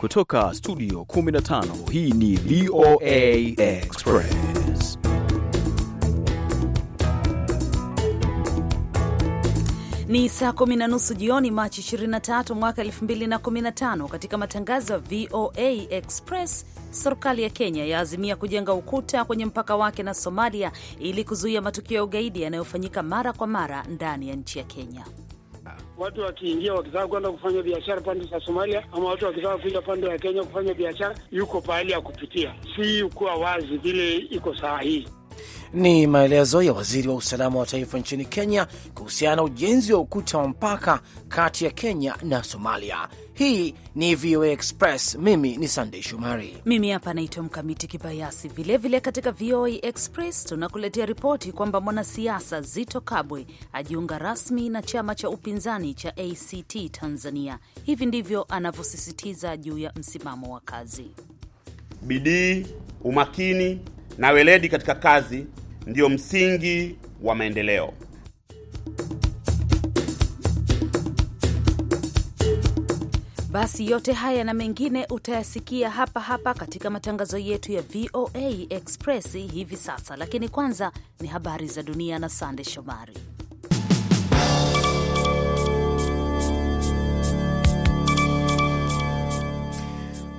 Kutoka studio 15 hii ni VOA Express. Ni saa kumi na nusu jioni Machi 23 mwaka 2015. Katika matangazo ya VOA Express, serikali ya Kenya yaazimia kujenga ukuta kwenye mpaka wake na Somalia ili kuzuia matukio ya ugaidi yanayofanyika mara kwa mara ndani ya nchi ya Kenya watu wakiingia wakitaka kwenda kufanya biashara pande za Somalia ama watu wakitaka kuja pande ya Kenya kufanya biashara, yuko pahali ya kupitia, si kuwa wazi vile iko saa hii. Ni maelezo ya waziri wa usalama wa taifa nchini Kenya kuhusiana na ujenzi wa ukuta wa mpaka kati ya Kenya na Somalia. Hii ni VOA Express. Mimi ni Sandey Shumari, mimi hapa naitwa Mkamiti Kibayasi. Vilevile katika VOA Express tunakuletea ripoti kwamba mwanasiasa Zito Kabwe ajiunga rasmi na chama cha upinzani cha ACT Tanzania. Hivi ndivyo anavyosisitiza juu ya msimamo wa kazi, bidii, umakini na weledi katika kazi ndiyo msingi wa maendeleo. Basi yote haya na mengine utayasikia hapa hapa katika matangazo yetu ya VOA Express hivi sasa, lakini kwanza ni habari za dunia na Sande Shomari.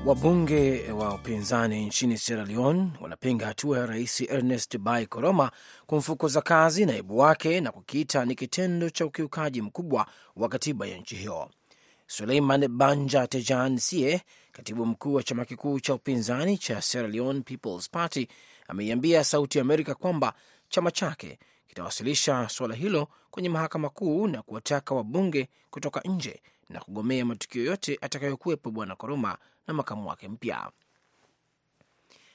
Wabunge wa upinzani nchini Sierra Leone wanapinga hatua ya rais Ernest Bai Koroma kumfukuza kazi naibu wake na kukiita ni kitendo cha ukiukaji mkubwa wa katiba ya nchi hiyo. Suleiman Banja Tejan Sie, katibu mkuu wa chama kikuu cha upinzani cha Sierra Leone People's Party, ameiambia Sauti ya Amerika kwamba chama chake kitawasilisha suala hilo kwenye mahakama kuu na kuwataka wabunge kutoka nje na kugomea matukio yote atakayokuwepo Bwana Koroma na makamu wake mpya.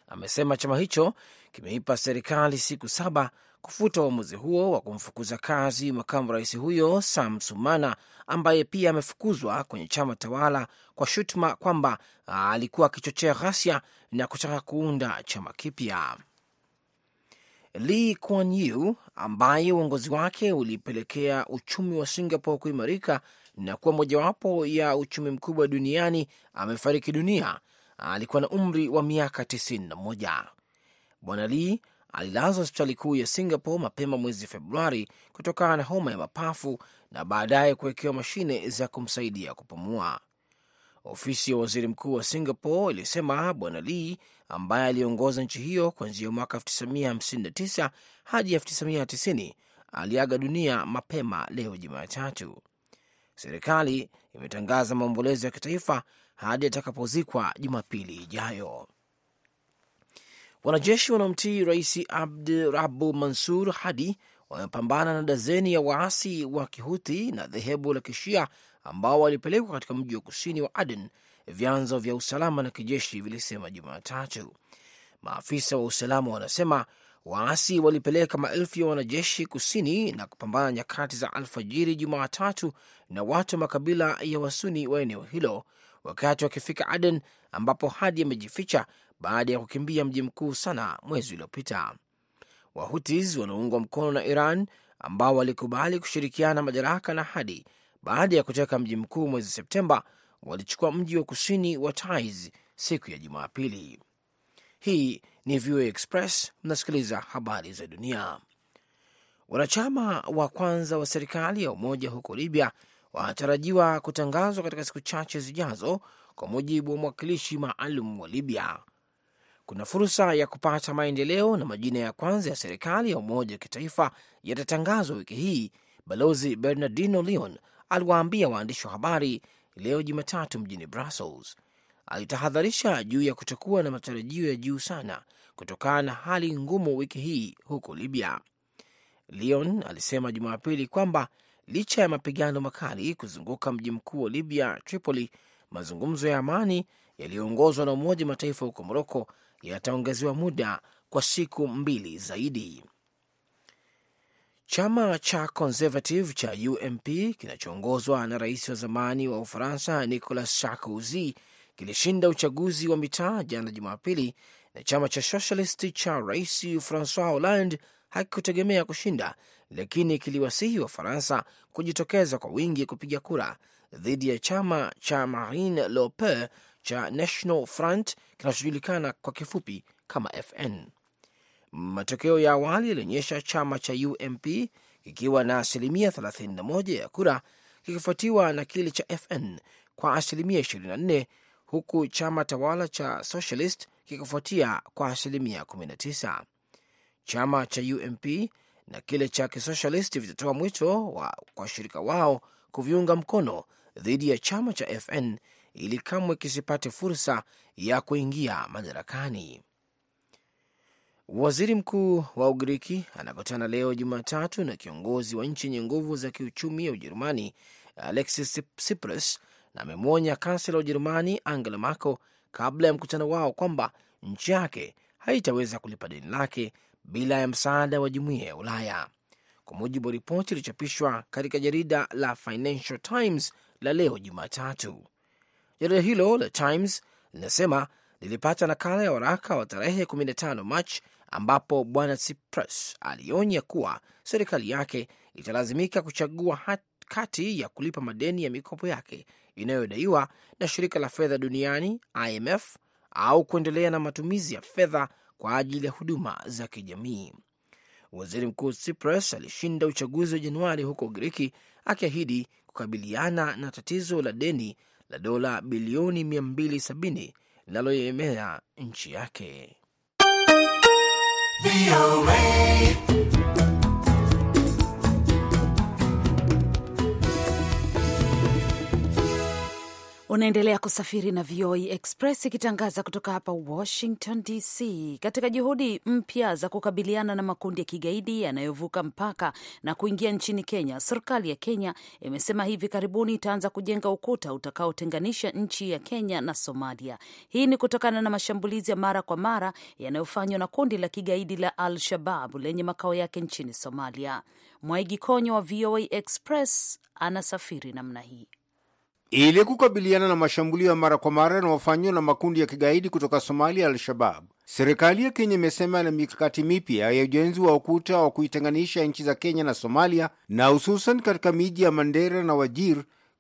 Amesema chama hicho kimeipa serikali siku saba kufuta uamuzi huo wa kumfukuza kazi makamu rais huyo Sam Sumana, ambaye pia amefukuzwa kwenye chama tawala kwa shutuma kwamba alikuwa akichochea ghasia na kutaka kuunda chama kipya. Lee Kuan Yew ambaye uongozi wake ulipelekea uchumi wa Singapore kuimarika na kuwa mojawapo ya uchumi mkubwa duniani amefariki dunia. Alikuwa na umri wa miaka 91. Bwana Lee alilazwa hospitali kuu ya Singapore mapema mwezi Februari kutokana na homa ya mapafu na baadaye kuwekewa mashine za kumsaidia kupumua. Ofisi ya waziri mkuu wa Singapore ilisema Bwana Lee ambaye aliongoza nchi hiyo kuanzia mwaka 1959 hadi 1990 aliaga dunia mapema leo Jumatatu. Serikali imetangaza maombolezo ya kitaifa hadi atakapozikwa Jumapili ijayo. Wanajeshi wanaomtii Rais Abd Rabu Mansur Hadi wamepambana na dazeni ya waasi wa Kihuthi na dhehebu la Kishia ambao walipelekwa katika mji wa kusini wa Aden, vyanzo vya usalama na kijeshi vilisema Jumatatu. Maafisa wa usalama wanasema Waasi walipeleka maelfu ya wanajeshi kusini na kupambana nyakati za alfajiri Jumatatu na watu wa makabila ya Wasuni wa eneo hilo wakati wakifika Aden ambapo Hadi amejificha baada ya kukimbia mji mkuu Sana mwezi uliopita. Wahutis wanaungwa mkono na Iran ambao walikubali kushirikiana madaraka na Hadi baada ya kuteka mji mkuu mwezi Septemba, walichukua mji wa kusini wa Taiz siku ya Jumapili. Hii ni VOA Express. Mnasikiliza habari za dunia. Wanachama wa kwanza wa serikali ya umoja huko Libya wanatarajiwa kutangazwa katika siku chache zijazo, kwa mujibu wa mwakilishi maalum wa Libya. Kuna fursa ya kupata maendeleo na majina ya kwanza ya serikali ya umoja wa kitaifa yatatangazwa wiki hii, Balozi Bernardino Leon aliwaambia waandishi wa habari leo Jumatatu mjini Brussels. Alitahadharisha juu ya kutokuwa na matarajio ya juu sana kutokana na hali ngumu wiki hii huko Libya. Leon alisema Jumapili kwamba licha ya mapigano makali kuzunguka mji mkuu wa Libya, Tripoli, mazungumzo ya amani yaliyoongozwa na Umoja wa Mataifa huko Moroko yataongezewa muda kwa siku mbili zaidi. Chama cha Conservative cha UMP kinachoongozwa na rais wa zamani wa Ufaransa Nicolas Sarkozy kilishinda uchaguzi wa mitaa jana Jumapili na chama cha Socialist cha rais Francois Hollande hakikutegemea kushinda, lakini kiliwasihi Wafaransa kujitokeza kwa wingi kupiga kura dhidi ya chama cha Marine Le Pen cha National Front kinachojulikana kwa kifupi kama FN. Matokeo ya awali yalionyesha chama cha UMP kikiwa na asilimia 31 ya kura kikifuatiwa na kile cha FN kwa asilimia 24, huku chama tawala cha Socialist kikifuatia kwa asilimia 19. Chama cha UMP na kile cha kisosialisti vitatoa mwito wa kwa washirika wao kuviunga mkono dhidi ya chama cha FN ili kamwe kisipate fursa ya kuingia madarakani. Waziri mkuu wa Ugiriki anakutana leo Jumatatu na kiongozi wa nchi yenye nguvu za kiuchumi ya Ujerumani Alexis Tsipras, na amemwonya kansela wa Ujerumani Angela Merkel kabla ya mkutano wao kwamba nchi yake haitaweza kulipa deni lake bila ya msaada wa jumuiya ya Ulaya, kwa mujibu wa ripoti iliyochapishwa katika jarida la Financial Times la leo Jumatatu. Jarida hilo la Times linasema lilipata nakala ya waraka wa tarehe 15 Machi ambapo bwana Tsipras alionya kuwa serikali yake italazimika kuchagua kati ya kulipa madeni ya mikopo yake inayodaiwa na shirika la fedha duniani IMF au kuendelea na matumizi ya fedha kwa ajili ya huduma za kijamii. Waziri Mkuu Tsipras alishinda uchaguzi wa Januari huko Ugiriki akiahidi kukabiliana na tatizo la deni la dola bilioni 270 linaloemea nchi yake. Unaendelea kusafiri na VOA e Express ikitangaza kutoka hapa Washington DC. Katika juhudi mpya za kukabiliana na makundi ya kigaidi yanayovuka mpaka na kuingia nchini Kenya, serikali ya Kenya imesema hivi karibuni itaanza kujenga ukuta utakaotenganisha nchi ya Kenya na Somalia. Hii ni kutokana na mashambulizi ya mara kwa mara yanayofanywa na kundi la kigaidi la Al Shabab lenye makao yake nchini Somalia. Mwaigi Konyo wa VOA e Express anasafiri namna hii ili kukabiliana na mashambulio ya mara kwa mara yanayofanywa na makundi ya kigaidi kutoka Somalia, Al-Shabab. Serikali ya Kenya imesema na mikakati mipya ya ujenzi wa ukuta wa kuitenganisha nchi za Kenya na Somalia, na hususan katika miji ya Mandera na Wajir,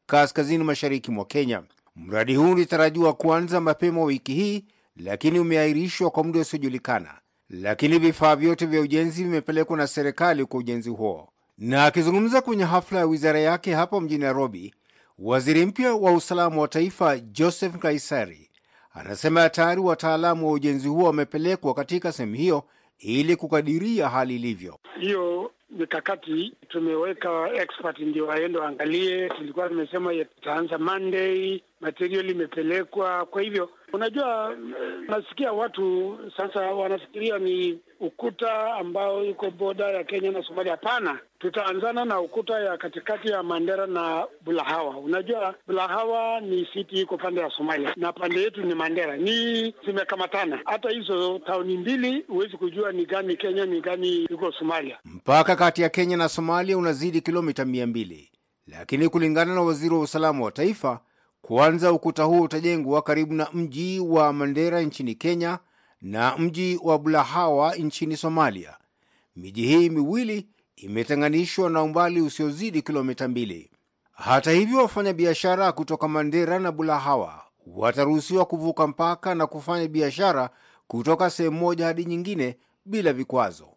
kaskazini mashariki mwa Kenya. Mradi huu ulitarajiwa kuanza mapema wiki hii, lakini umeahirishwa kwa muda usiojulikana. Lakini vifaa vyote vya ujenzi vimepelekwa na serikali kwa ujenzi huo. Na akizungumza kwenye hafla ya wizara yake hapo mjini Nairobi, Waziri mpya wa usalama wa taifa Joseph Kaisari anasema tayari wataalamu wa ujenzi huo wamepelekwa katika sehemu hiyo ili kukadiria hali ilivyo. Hiyo mikakati tumeweka expert ndio waende waangalie. Tulikuwa tumesema itaanza Monday, material imepelekwa. Kwa hivyo, unajua, eh, nasikia watu sasa wanafikiria ni ukuta ambao iko boda ya Kenya na Somalia. Hapana, tutaanzana na ukuta ya katikati ya Mandera na Bulahawa. Unajua, Bulahawa ni city iko pande ya Somalia na pande yetu ni Mandera, ni zimekamatana. Hata hizo tauni mbili huwezi kujua ni gani Kenya, ni gani iko Somalia. Mpaka kati ya Kenya na Somalia unazidi kilomita 20 lakini kulingana na waziri wa usalama wa taifa, kwanza ukuta huo utajengwa karibu na mji wa Mandera nchini Kenya na mji wa Bulahawa nchini Somalia. Miji hii miwili imetenganishwa na umbali usiozidi kilomita mbili. Hata hivyo, wafanyabiashara kutoka Mandera na Bulahawa wataruhusiwa kuvuka mpaka na kufanya biashara kutoka sehemu moja hadi nyingine bila vikwazo,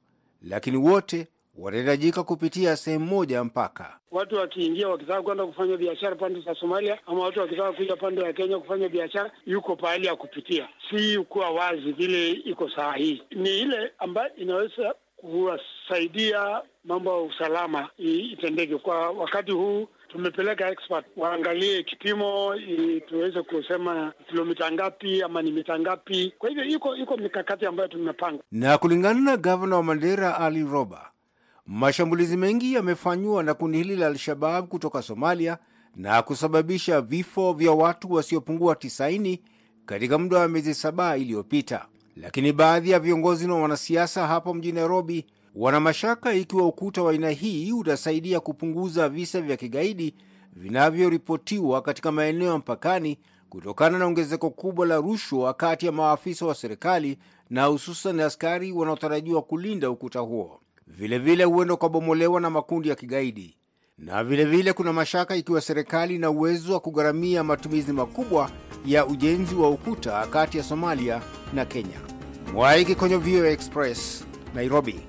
lakini wote watahitajika kupitia sehemu moja ya mpaka. Watu wakiingia wakitaka kwenda kufanya biashara pande za Somalia ama watu wakitaka kuja pande ya Kenya kufanya biashara, yuko pahali ya kupitia, si kuwa wazi vile iko saa hii. Ni ile ambayo inaweza kuwasaidia mambo ya usalama itendeke kwa wakati huu. Tumepeleka expert waangalie kipimo, tuweze kusema kilomita ngapi ama ni mita ngapi. Kwa hivyo iko iko mikakati ambayo tumepanga, na kulingana na gavana wa Mandera Ali Roba Mashambulizi mengi yamefanywa na kundi hili la Al-Shabab kutoka Somalia na kusababisha vifo vya watu wasiopungua 90 katika muda wa miezi saba iliyopita, lakini baadhi ya viongozi na wanasiasa hapo mjini Nairobi wana mashaka ikiwa ukuta wa aina hii utasaidia kupunguza visa vya kigaidi vinavyoripotiwa katika maeneo ya mpakani kutokana na ongezeko kubwa la rushwa kati ya maafisa wa serikali na hususan askari wanaotarajiwa kulinda ukuta huo vilevile huenda ukabomolewa na makundi ya kigaidi, na vilevile vile kuna mashaka ikiwa serikali ina uwezo wa kugharamia matumizi makubwa ya ujenzi wa ukuta kati ya Somalia na Kenya. Mwaiki kwenye VOA Express, Nairobi.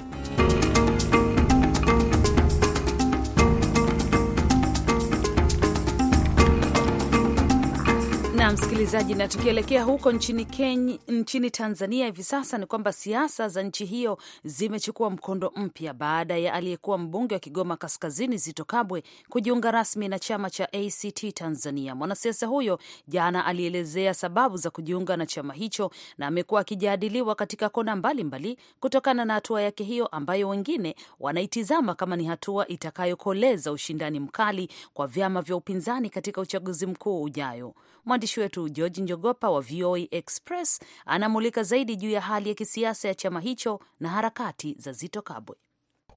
msikilizaji, na tukielekea huko nchini Kenya, nchini Tanzania hivi sasa ni kwamba siasa za nchi hiyo zimechukua mkondo mpya baada ya aliyekuwa mbunge wa Kigoma Kaskazini Zito Kabwe kujiunga rasmi na chama cha ACT Tanzania. Mwanasiasa huyo jana alielezea sababu za kujiunga na chama hicho na amekuwa akijadiliwa katika kona mbalimbali kutokana na hatua yake hiyo ambayo wengine wanaitizama kama ni hatua itakayokoleza ushindani mkali kwa vyama vya upinzani katika uchaguzi mkuu ujayo. Mwandishi mwandishi wetu George Njogopa wa VOA Express anamulika zaidi juu ya hali ya kisiasa ya chama hicho na harakati za Zito Kabwe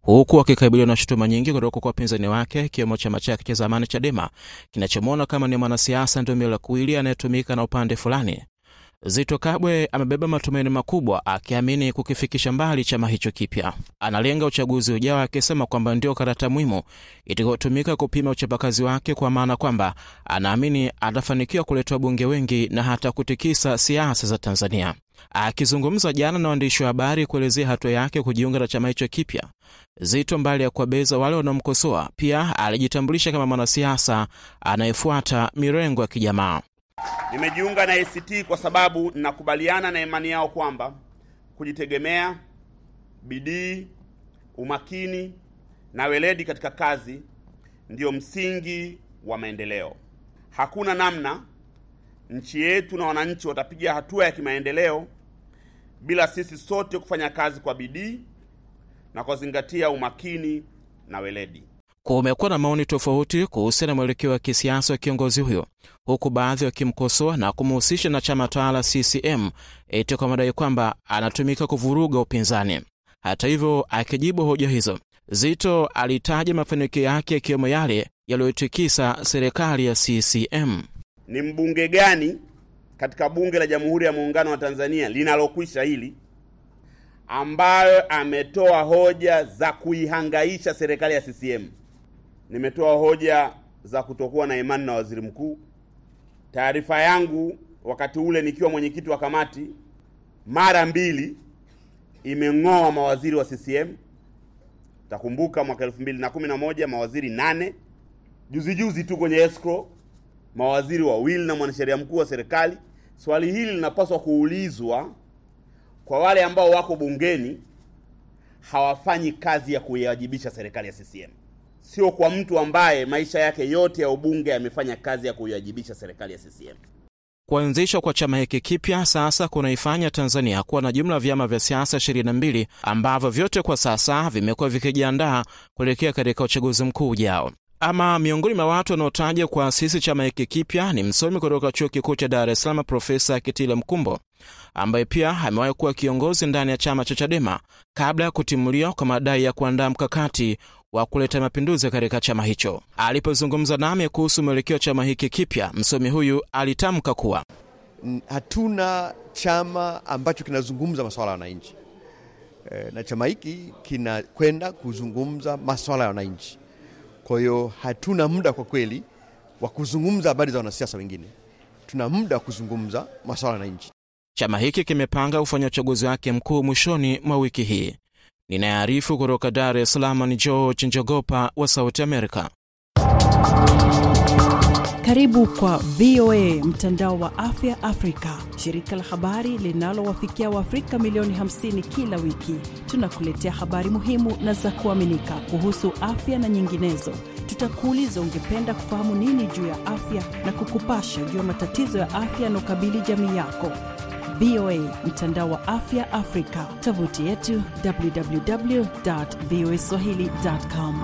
huku akikabiliwa na shutuma nyingi kutoka kwa wapinzani wake ikiwemo chama chake cha zamani Chadema kinachomwona kama ni mwanasiasa ndio mila kuili anayetumika na upande fulani. Zito Kabwe amebeba matumaini makubwa, akiamini kukifikisha mbali chama hicho kipya. Analenga uchaguzi ujao, akisema kwamba ndio karata muhimu itakayotumika kupima uchapakazi wake, kwa maana kwamba anaamini atafanikiwa kuleta wabunge wengi na hata kutikisa siasa za Tanzania. Akizungumza jana na waandishi wa habari kuelezea hatua yake kujiunga na chama hicho kipya, Zito mbali ya kuwabeza wale wanaomkosoa, pia alijitambulisha kama mwanasiasa anayefuata mirengo ya kijamaa. Nimejiunga na ACT kwa sababu nakubaliana na imani yao kwamba kujitegemea, bidii, umakini na weledi katika kazi ndiyo msingi wa maendeleo. Hakuna namna nchi yetu na wananchi watapiga hatua ya kimaendeleo bila sisi sote kufanya kazi kwa bidii na kuzingatia umakini na weledi. Kumekuwa na maoni tofauti kuhusia na mwelekeo wa kisiasa wa kiongozi huyo, huku baadhi wakimkosoa na kumhusisha na chama tawala CCM eti kwa madai kwamba anatumika kuvuruga upinzani. Hata hivyo, akijibu hoja hizo, Zito alitaja mafanikio yake yakiwemo yale yaliyoitikisa serikali ya CCM. Ni mbunge gani katika bunge la Jamhuri ya Muungano wa Tanzania linalokwisha hili ambayo ametoa hoja za kuihangaisha serikali ya CCM? nimetoa hoja za kutokuwa na imani na waziri mkuu. Taarifa yangu wakati ule nikiwa mwenyekiti wa kamati mara mbili imeng'oa mawaziri wa CCM. Takumbuka mwaka 2011 mawaziri nane, juzi juzi tu kwenye escrow mawaziri wawili na mwanasheria mkuu wa serikali. Swali hili linapaswa kuulizwa kwa wale ambao wako bungeni hawafanyi kazi ya kuiwajibisha serikali ya CCM sio kwa mtu ambaye maisha yake yote ya ubunge yamefanya kazi ya kuiwajibisha serikali ya CCM. Kuanzishwa kwa chama hiki kipya sasa kunaifanya Tanzania kuwa na jumla ya vyama vya siasa 22 ambavyo vyote kwa sasa vimekuwa vikijiandaa kuelekea katika uchaguzi mkuu ujao. Ama miongoni mwa watu wanaotaja kuasisi chama hiki kipya ni msomi kutoka chuo kikuu cha Dar es Salaam, Profesa Kitila Mkumbo, ambaye pia amewahi kuwa kiongozi ndani ya chama cha Chadema kabla ya kutimuliwa kwa madai ya kuandaa mkakati wa kuleta mapinduzi katika chama hicho. Alipozungumza nami kuhusu mwelekeo wa chama hiki kipya, msomi huyu alitamka kuwa hatuna chama ambacho kinazungumza masuala ya wananchi, e, na chama hiki kinakwenda kuzungumza masuala ya wananchi. Kwa hiyo hatuna muda kwa kweli wa kuzungumza habari za wanasiasa wengine, tuna muda wa kuzungumza masuala ya wananchi. Chama hiki kimepanga kufanya uchaguzi wake mkuu mwishoni mwa wiki hii. Ninayearifu kutoka Dar es Salaam ni George Njogopa wa Sauti Amerika. Karibu kwa VOA mtandao wa afya Afrika, shirika la habari linalowafikia Waafrika milioni 50 kila wiki. Tunakuletea habari muhimu na za kuaminika kuhusu afya na nyinginezo. Tutakuuliza, ungependa kufahamu nini juu ya afya, na kukupasha juu ya matatizo ya afya yanaokabili jamii yako. VOA, mtandao wa afya Afrika, tovuti yetu www voa swahili.com.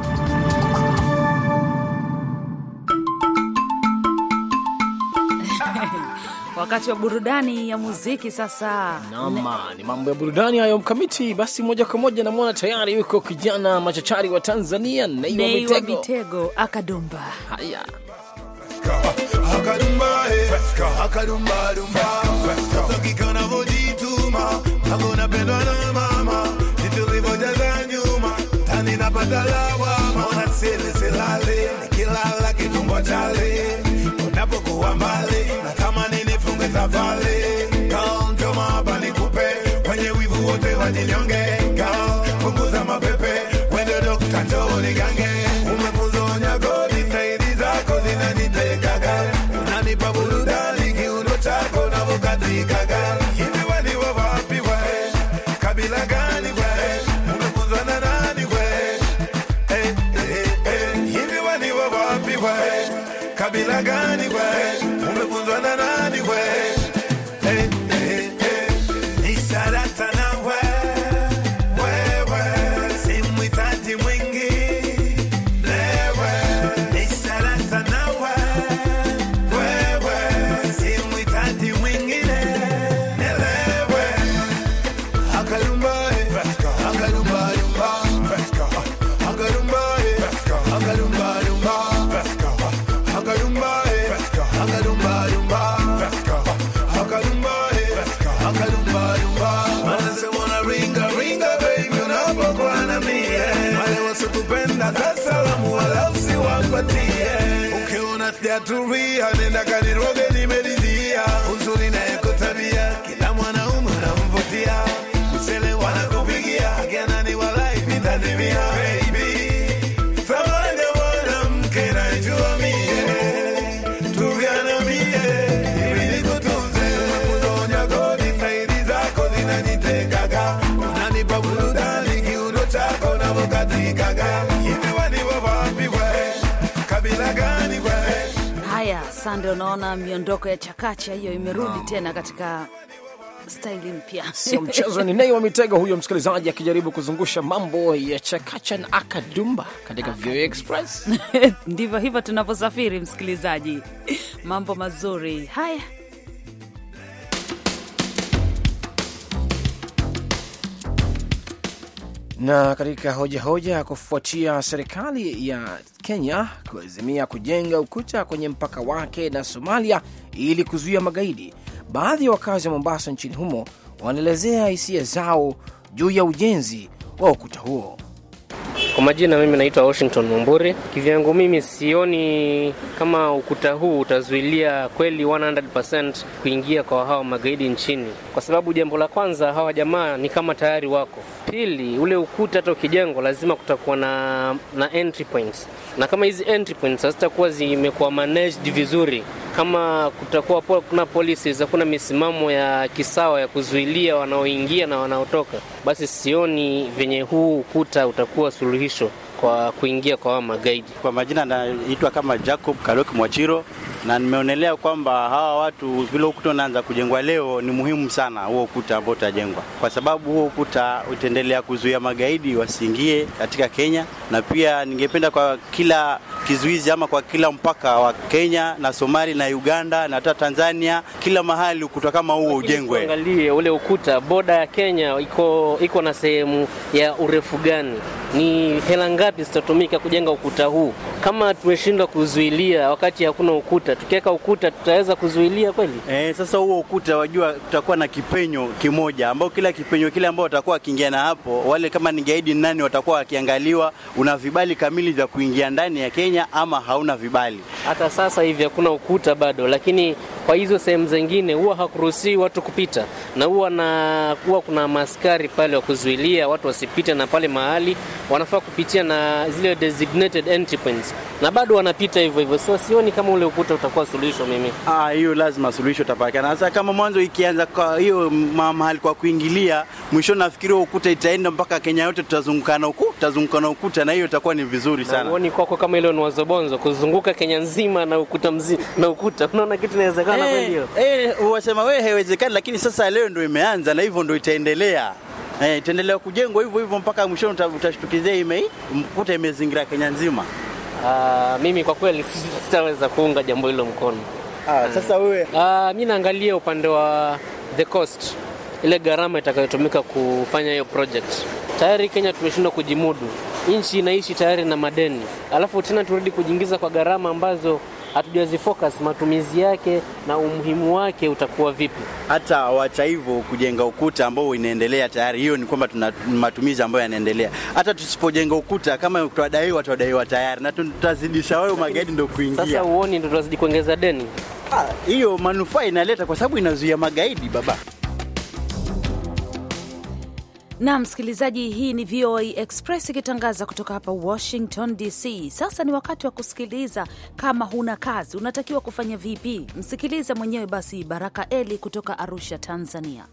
Wakati wa burudani ya muziki sasa. Naam, ni mambo ya burudani hayo mkamiti. Basi moja kwa moja namwona tayari yuko kijana machachari wa Tanzania Nay wa Mitego akadumba. Haya. Akadomba, eh. akadomba, akadomba. Hapo napendwa na mama, vitu vivojaza nyuma, tani napata lawama, ona sile silale, kitumbo chale, unapokuwa mbali, natamani nifunge safari to realize Sande, unaona miondoko ya chakacha hiyo imerudi tena katika staili mpya, sio mchezo. Ni Nei wa Mitego huyo msikilizaji, akijaribu kuzungusha mambo ya chakacha na akadumba katika VOA Express. Ndivyo hivyo tunavyosafiri, msikilizaji, mambo mazuri haya. Na katika hoja hoja, kufuatia serikali ya Kenya kuazimia kujenga ukuta kwenye mpaka wake na Somalia ili kuzuia magaidi, baadhi ya wakazi wa Mombasa nchini humo wanaelezea hisia zao juu ya ujenzi wa ukuta huo. Kwa majina mimi naitwa Washington Mumburi. Kivyangu mimi sioni kama ukuta huu utazuilia kweli 100% kuingia kwa hawa magaidi nchini, kwa sababu jambo la kwanza, hawa jamaa ni kama tayari wako Pili, ule ukuta hata ukijengwa lazima kutakuwa na, na entry points, na kama hizi entry points hazitakuwa zimekuwa managed vizuri, kama kutakuwa kuna policies, hakuna misimamo ya kisawa ya kuzuilia wanaoingia na wanaotoka, basi sioni venye huu ukuta utakuwa suluhisho kwa kuingia kwa magaidi. Kwa majina anaitwa kama Jacob Kalok Mwachiro na nimeonelea kwamba hawa watu vile ukuta unaanza kujengwa leo, ni muhimu sana huo ukuta ambao utajengwa, kwa sababu huo ukuta utaendelea kuzuia magaidi wasiingie katika Kenya, na pia ningependa kwa kila kizuizi ama kwa kila mpaka wa Kenya na Somali na Uganda na hata Tanzania, kila mahali ukuta kama huo ujengwe. Angalie ule ukuta, boda ya Kenya iko iko na sehemu ya urefu gani? Ni hela ngapi zitatumika kujenga ukuta huu? kama tumeshindwa kuzuilia wakati hakuna ukuta, tukiweka ukuta tutaweza kuzuilia kweli? E, sasa huo ukuta wajua, tutakuwa na kipenyo kimoja ambao kila kipenyo kile ambao watakuwa wakiingia na hapo, wale kama ni gaidi nani watakuwa wakiangaliwa, una vibali kamili vya kuingia ndani ya Kenya ama hauna vibali. Hata sasa hivi hakuna ukuta bado, lakini kwa hizo sehemu zingine huwa hakuruhusiwi watu kupita, na huwa na huwa kuna maskari pale wa kuzuilia watu wasipite, na pale mahali wanafaa kupitia na zile designated entry points, na bado wanapita hivyo hivyo. So sioni kama ule ukuta utakuwa suluhisho mimi. Ah, hiyo lazima suluhisho tapatikana. Sasa kama mwanzo ikianza kwa hiyo mahali kwa kuingilia, mwisho nafikiri ukuta itaenda mpaka Kenya yote, tutazungukana huku tutazungukana ukuta, na hiyo itakuwa ni vizuri sana. Uoni kwako kama ile ni wazobonzo kuzunguka Kenya nzima na ukuta mzima na ukuta, unaona kitu inawezekana? Eh, eh wasema wewe haiwezekani, lakini sasa leo ndio imeanza na hivyo ndio itaendelea eh, itaendelea kujengwa hivyo hivyo mpaka mwishoni utashtukizia ime mkuta imezingira Kenya nzima. Ah, mimi kwa kweli sitaweza kuunga jambo hilo mkono. Ah, hmm. sasa wewe ah, mimi naangalia upande wa the cost, ile gharama itakayotumika kufanya hiyo project. Tayari Kenya tumeshindwa kujimudu, nchi inaishi tayari na madeni, alafu tena turudi kujiingiza kwa gharama ambazo hatujazifocus matumizi yake na umuhimu wake utakuwa vipi. Hata wacha hivyo kujenga ukuta ambao inaendelea tayari, hiyo ni kwamba tuna matumizi ambayo yanaendelea. Hata tusipojenga ukuta, kama twadaiwa, twadaiwa tayari na tutazidisha wao magaidi ndio kuingia. Sasa uoni, ndio tutazidi kuongeza deni ah, hiyo. manufaa inaleta kwa sababu inazuia magaidi baba na msikilizaji, hii ni VOA Express ikitangaza kutoka hapa Washington DC. Sasa ni wakati wa kusikiliza. Kama huna kazi, unatakiwa kufanya vipi? Msikilize mwenyewe basi Baraka Eli kutoka Arusha, Tanzania.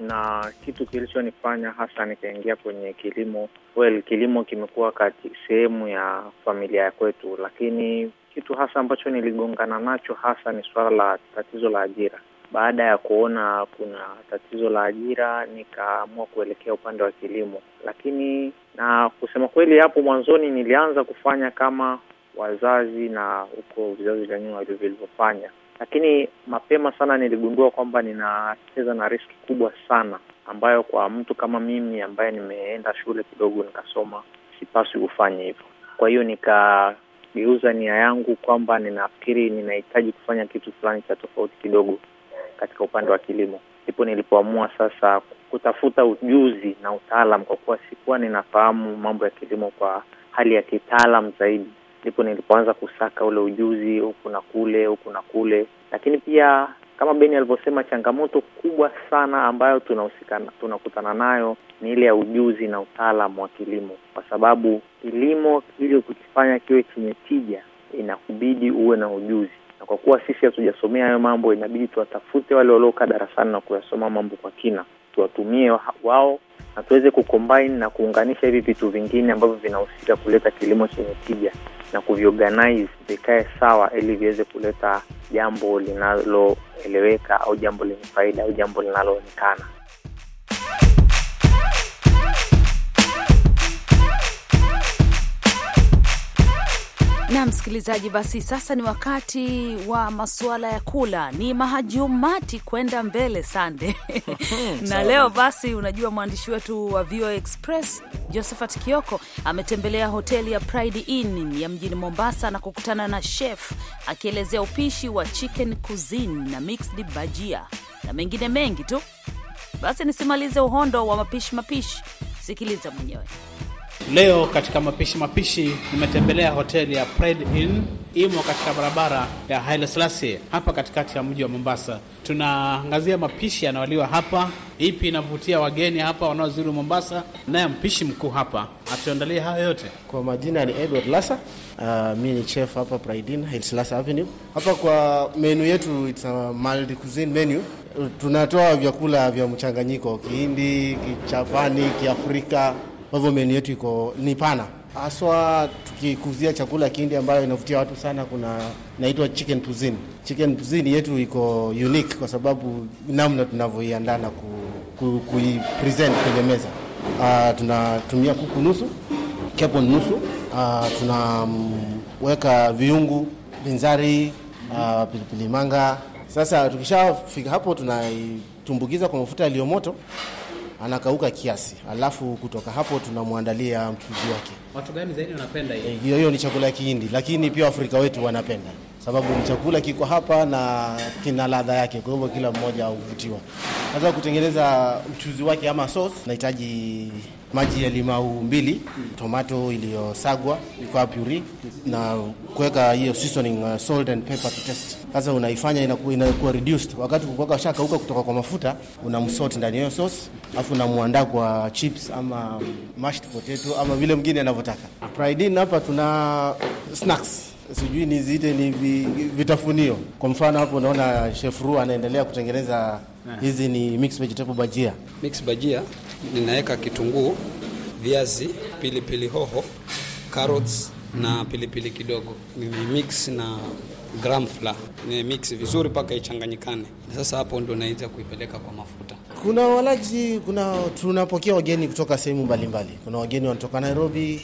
Na kitu kilichonifanya hasa nikaingia kwenye kilimo, well, kilimo kimekuwa kati sehemu ya familia ya kwetu, lakini kitu hasa ambacho niligongana nacho hasa ni suala la tatizo la ajira. Baada ya kuona kuna tatizo la ajira, nikaamua kuelekea upande wa kilimo, lakini na kusema kweli, hapo mwanzoni nilianza kufanya kama wazazi na huko vizazi vya nyuma vilivyofanya, lakini mapema sana niligundua kwamba ninacheza na riski kubwa sana, ambayo kwa mtu kama mimi ambaye nimeenda shule kidogo nikasoma, sipaswi kufanya hivyo. Kwa hiyo nikageuza nia yangu kwamba ninafikiri ninahitaji kufanya kitu fulani cha tofauti kidogo katika upande wa kilimo. Ndipo nilipoamua sasa kutafuta ujuzi na utaalam, kwa kuwa sikuwa ninafahamu mambo ya kilimo kwa hali ya kitaalam zaidi. Ndipo nilipoanza kusaka ule ujuzi huku na kule, huku na kule, lakini pia kama Beni alivyosema, changamoto kubwa sana ambayo tunahusikana tunakutana nayo ni ile ya ujuzi na utaalamu wa kilimo, kwa sababu kilimo ili kukifanya kiwe chenye tija inakubidi uwe na ujuzi na kwa kuwa sisi hatujasomea hayo mambo, inabidi tuwatafute wale waliokaa darasani na kuyasoma mambo kwa kina, tuwatumie wao na tuweze kucombine na kuunganisha hivi vitu vingine ambavyo vinahusika kuleta kilimo chenye tija na kuviorganize vikae sawa, ili viweze kuleta jambo linaloeleweka au jambo lenye faida au jambo linaloonekana. msikilizaji, basi sasa ni wakati wa masuala ya kula, ni mahajumati kwenda mbele sande na leo basi, unajua mwandishi wetu wa VOA Express Josephat Kioko ametembelea hoteli ya Pride Inn ya mjini Mombasa na kukutana na chef akielezea upishi wa chicken cuisine na mixed bajia na mengine mengi tu. Basi nisimalize uhondo wa mapishi mapishi, sikiliza mwenyewe. Leo katika mapishi mapishi, nimetembelea hoteli ya Pride Inn, imo katika barabara ya Haile Selassie hapa katikati ya mji wa Mombasa. Tunaangazia mapishi yanayoliwa hapa, ipi inavutia wageni hapa wanaozuru Mombasa, naye mpishi mkuu hapa atuandalie hayo yote. Kwa majina ni Edward Lasa. Uh, ah, mi ni chef hapa Pride Inn, Haile Selassie Avenue. Hapa kwa menu yetu, it's a multi cuisine menu tunatoa vyakula vya mchanganyiko, Kihindi, Kichapani, Kiafrika kwa hivyo menu yetu iko ni pana haswa, tukikuzia chakula kindi ambayo inavutia watu sana. Kuna naitwa chicken cuisine. Chicken cuisine yetu iko unique kwa sababu namna tunavyoiandaa na ku, ku, kuipresent kwenye meza. Uh, tunatumia kuku nusu, kepo nusu. Uh, tunaweka viungu binzari, uh, pilipili manga. Sasa tukishafika hapo, tunaitumbukiza kwa mafuta yaliyo moto anakauka kiasi, alafu kutoka hapo tunamwandalia mchuzi wake. Watu gani zaidi wanapenda hiyo? Eh, hiyo ni chakula Kihindi, lakini pia Waafrika wetu wanapenda, sababu ni chakula kiko hapa na kina ladha yake, kwa hivyo kila mmoja huvutiwa. Sasa kutengeneza mchuzi wake ama sauce nahitaji maji ya limau mbili, tomato iliyosagwa ikawa puri na kuweka hiyo seasoning uh, salt and pepper to test. Sasa unaifanya inakuwa, inakuwa reduced wakati kukoka shaka huko kutoka kwa mafuta, una msort ndani hiyo sauce, afu unamuandaa kwa chips ama mashed potato ama vile mwingine anavyotaka. Fried in hapa tuna snacks sijui ni zite ni vitafunio. Kwa mfano hapo unaona Chef Ru anaendelea kutengeneza eh. hizi ni mixed vegetable bajia. Mixed bajia ninaweka kitunguu, viazi, pilipili hoho, carrots na pilipili kidogo, nimimix na gram flour, nimimix vizuri mpaka ichanganyikane. Sasa hapo ndo naanza kuipeleka kwa mafuta. Kuna walaji, kuna tunapokea wageni kutoka sehemu mbalimbali. Kuna wageni wanatoka Nairobi,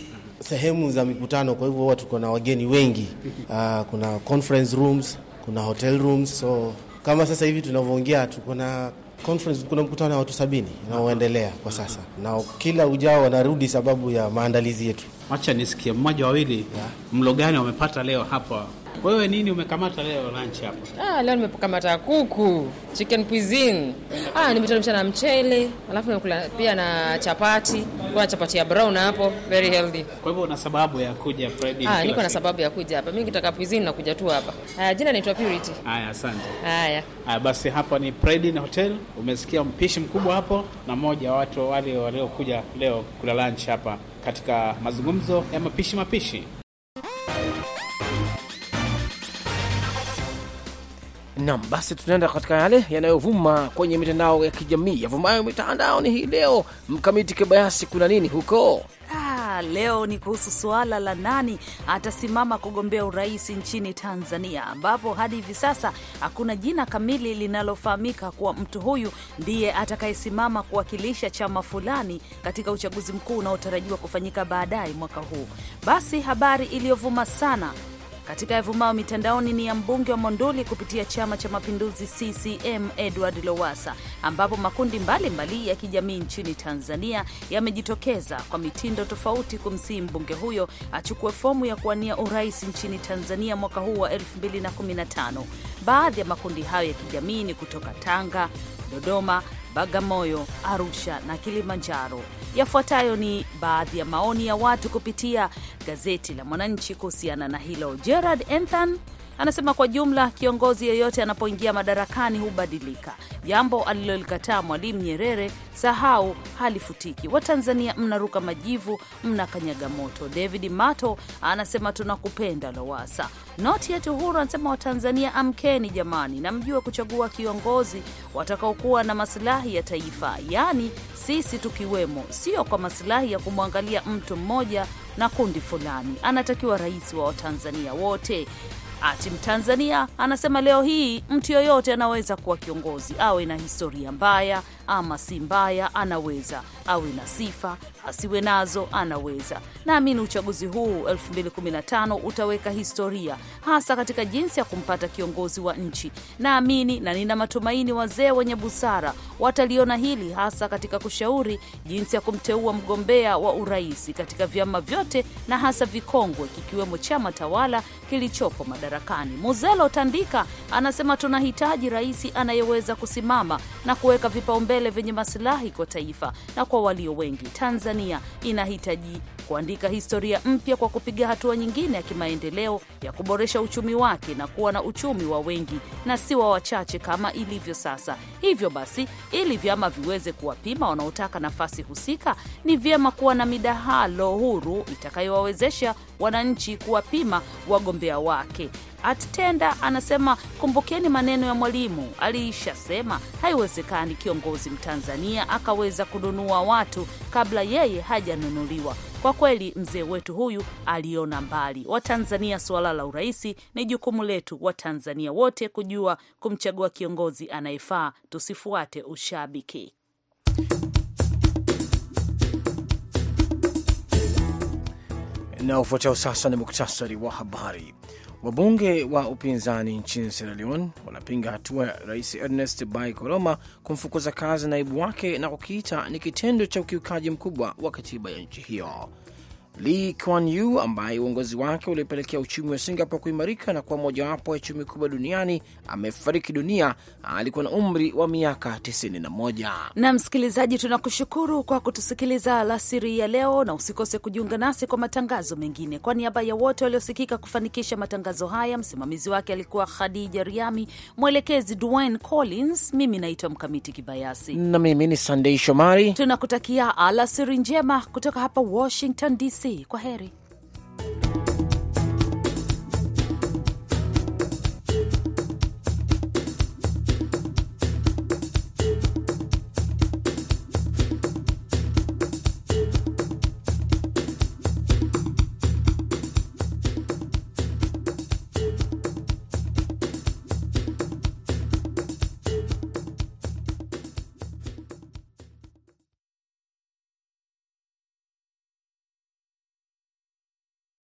sehemu za mikutano, kwa hivyo watu, kuna wageni wengi. Uh, kuna conference rooms, kuna hotel rooms, so kama sasa hivi tunavyoongea tuko na Conference kuna mkutano wa watu sabini unaoendelea kwa sasa, na kila ujao wanarudi sababu ya maandalizi yetu. Wacha nisikie mmoja wawili, yeah. mlo gani wamepata leo hapa wewe nini umekamata leo lunch hapo? Ah, leo nimekamata kuku, chicken cuisine. Ah, nimetanisha na mchele, alafu nimekula pia na chapati. Kuna chapati ya brown hapo, very healthy. Kwa hivyo una sababu ya kuja Friday? Ah, niko na sababu ya kuja hapa. Mimi nikitaka cuisine na kuja tu hapa. Ah, jina naitwa Purity. Haya, asante. Haya. Ah, basi hapa ni Friday na Hotel. Umesikia mpishi mkubwa hapo na mmoja watu wale waliokuja leo kula lunch hapa katika mazungumzo ya mapishi mapishi. Nam, basi tunaenda katika yale yanayovuma kwenye mitandao ya kijamii. Yavumayo mitandao ni hii leo, Mkamiti Kibayasi, kuna nini huko? Ah, leo ni kuhusu suala la nani atasimama kugombea urais nchini Tanzania, ambapo hadi hivi sasa hakuna jina kamili linalofahamika kuwa mtu huyu ndiye atakayesimama kuwakilisha chama fulani katika uchaguzi mkuu unaotarajiwa kufanyika baadaye mwaka huu. Basi habari iliyovuma sana katika yavumao mitandaoni ni ya mbunge wa Monduli kupitia chama cha mapinduzi CCM Edward Lowasa, ambapo makundi mbalimbali mbali ya kijamii nchini Tanzania yamejitokeza kwa mitindo tofauti kumsihi mbunge huyo achukue fomu ya kuwania urais nchini Tanzania mwaka huu wa 2015. Baadhi ya makundi hayo ya kijamii ni kutoka Tanga, Dodoma, Bagamoyo, Arusha na Kilimanjaro. Yafuatayo ni baadhi ya maoni ya watu kupitia gazeti la Mwananchi kuhusiana na hilo. Gerard Enthan Anasema kwa jumla, kiongozi yeyote anapoingia madarakani hubadilika, jambo alilolikataa Mwalimu Nyerere. Sahau halifutiki. Watanzania mnaruka majivu, mnakanyaga moto. David Mato anasema tunakupenda Lowasa. Not yet Uhuru anasema Watanzania amkeni jamani, namjue kuchagua kiongozi watakaokuwa na masilahi ya taifa, yaani sisi tukiwemo, sio kwa masilahi ya kumwangalia mtu mmoja na kundi fulani. Anatakiwa rais wa Watanzania wote. Ati Mtanzania anasema leo hii mtu yoyote anaweza kuwa kiongozi, awe na historia mbaya ama si mbaya, anaweza awe na sifa asiwe nazo anaweza. Naamini uchaguzi huu 2015 utaweka historia, hasa katika jinsi ya kumpata kiongozi wa nchi. Naamini na nina matumaini wazee wenye busara wataliona hili, hasa katika kushauri jinsi ya kumteua mgombea wa urais katika vyama vyote na hasa vikongwe, kikiwemo chama tawala kilichopo madarakani. Muzelo Tandika anasema tunahitaji rais anayeweza kusimama na kuweka vipaumbele vyenye masilahi kwa taifa na kwa walio wengi Tanzania Tanzania inahitaji kuandika historia mpya kwa kupiga hatua nyingine ya kimaendeleo ya kuboresha uchumi wake na kuwa na uchumi wa wengi na si wa wachache kama ilivyo sasa. Hivyo basi, ili vyama viweze kuwapima wanaotaka nafasi husika, ni vyema kuwa na midahalo huru itakayowawezesha wananchi kuwapima wagombea wake. attenda anasema kumbukeni, maneno ya Mwalimu aliishasema, haiwezekani kiongozi Mtanzania akaweza kununua watu kabla yeye hajanunuliwa. Kwa kweli mzee wetu huyu aliona mbali. Watanzania, suala la urais ni jukumu letu Watanzania wote kujua kumchagua kiongozi anayefaa, tusifuate ushabiki. Na ufuatao sasa ni muktasari wa habari. Wabunge wa upinzani nchini Sierra Leone wanapinga hatua ya rais Ernest Bai Koroma kumfukuza kazi naibu wake na kukiita ni kitendo cha ukiukaji mkubwa wa katiba ya nchi hiyo. Lee Kuan Yew ambaye uongozi wake ulipelekea uchumi wa Singapore kuimarika na kuwa mojawapo ya chumi kubwa duniani amefariki dunia. Alikuwa na umri wa miaka 91. Na msikilizaji, tunakushukuru kwa kutusikiliza alasiri ya leo, na usikose kujiunga nasi kwa matangazo mengine. Kwa niaba ya wote waliosikika kufanikisha matangazo haya, msimamizi wake alikuwa Khadija Riami, mwelekezi Dwayne Collins, mimi naitwa Mkamiti Kibayasi na mimi ni Sandei Shomari. Tunakutakia alasiri njema kutoka hapa Washington DC. BBC. Kwa heri.